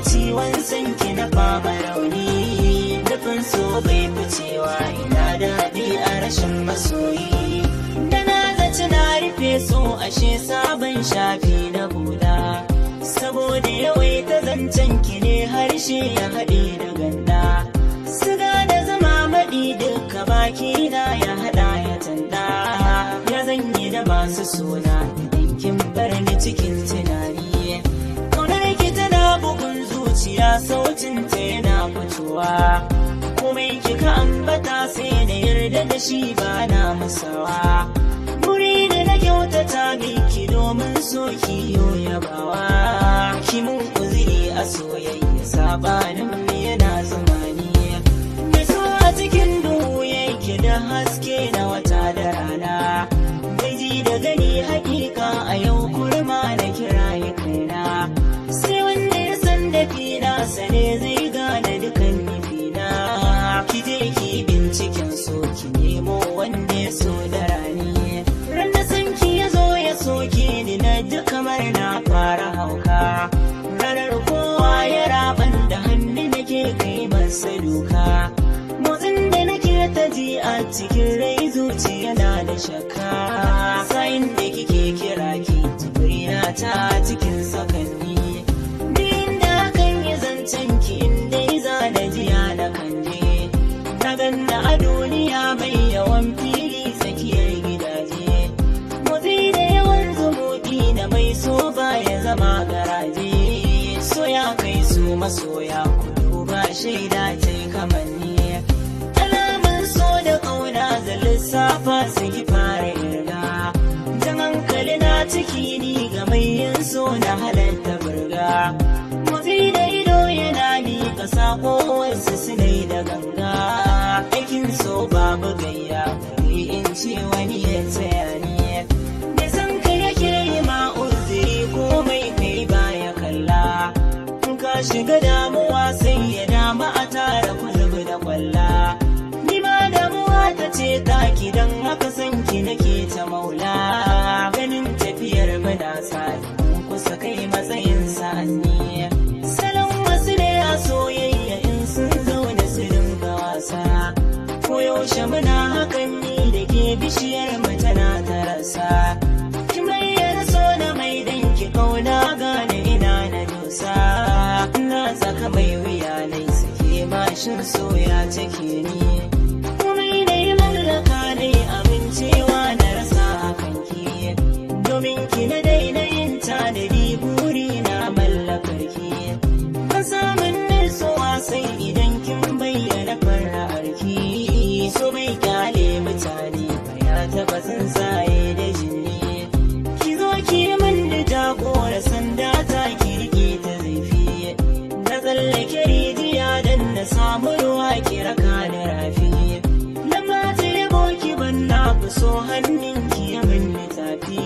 ciwon sanki na fama rauni dafin so bai ficewa ina daɗi a rashin masoyi da na zaci na rufe so ashe sabon shafi na buɗa saboda yawai ta zancen ki ne harshe ya haɗe da ganda siga da zama maɗi duka baki na ya haɗa ya tanda ya zanyi da masu suna sautin ta yana fitowa kuma kika ambata sai na yarda da shi ba na musawa muri da na kyautata miki domin so ki yabawa na fara hauka ranar kowa ya raban da hannu nake kai masa duka motsin da nake ta ji a cikin rai zuciya na da shakka masoya ku duba shaida ta yi kamanni kalaman so da ƙauna da lissafa su yi fara irga jan hankali na ciki ni ga mai so na halatta burga mafi da ido yana miƙa sako wasu su da ganga aikin so ba damuwa sai ya damu a tara kulub da kwalla ni ma damuwa ta ce taki don haka san ki nake ta maula ganin tafiyar muna sa kusa kai matsayin sa'anni salon masu ne a soyayya in sun zaune su dinga wasa koyaushe muna hakan ni da ke bishiyar shin soya take ni hannun ki ya tafi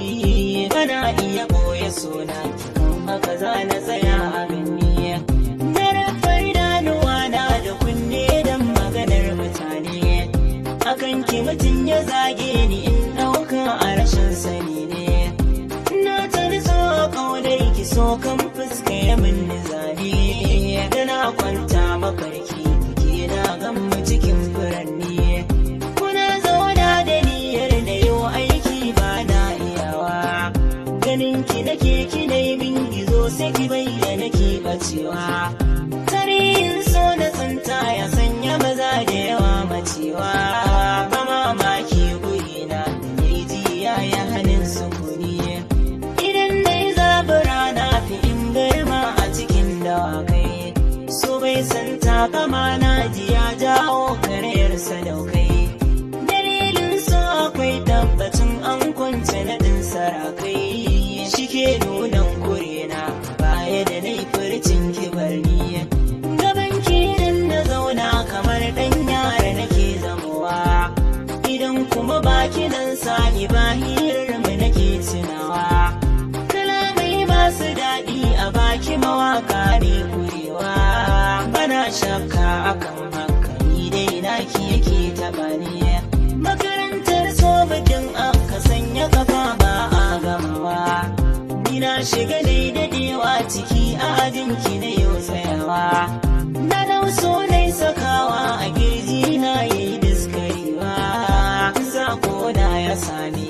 kana iya koya suna haka za na tsaya a binni narafar danuwa na da kunne don maganar mutane akan ki mutum ya zage ni in ɗauka a rashin sani ne na tani so a kaunar ki so kan fuska ya manna takama na ji ya jawo da sadaukai na shiga dai dadewa ciki a ki na yau tsayawa na dau so sakawa a girji na yayi diskarewa za ko na ya sani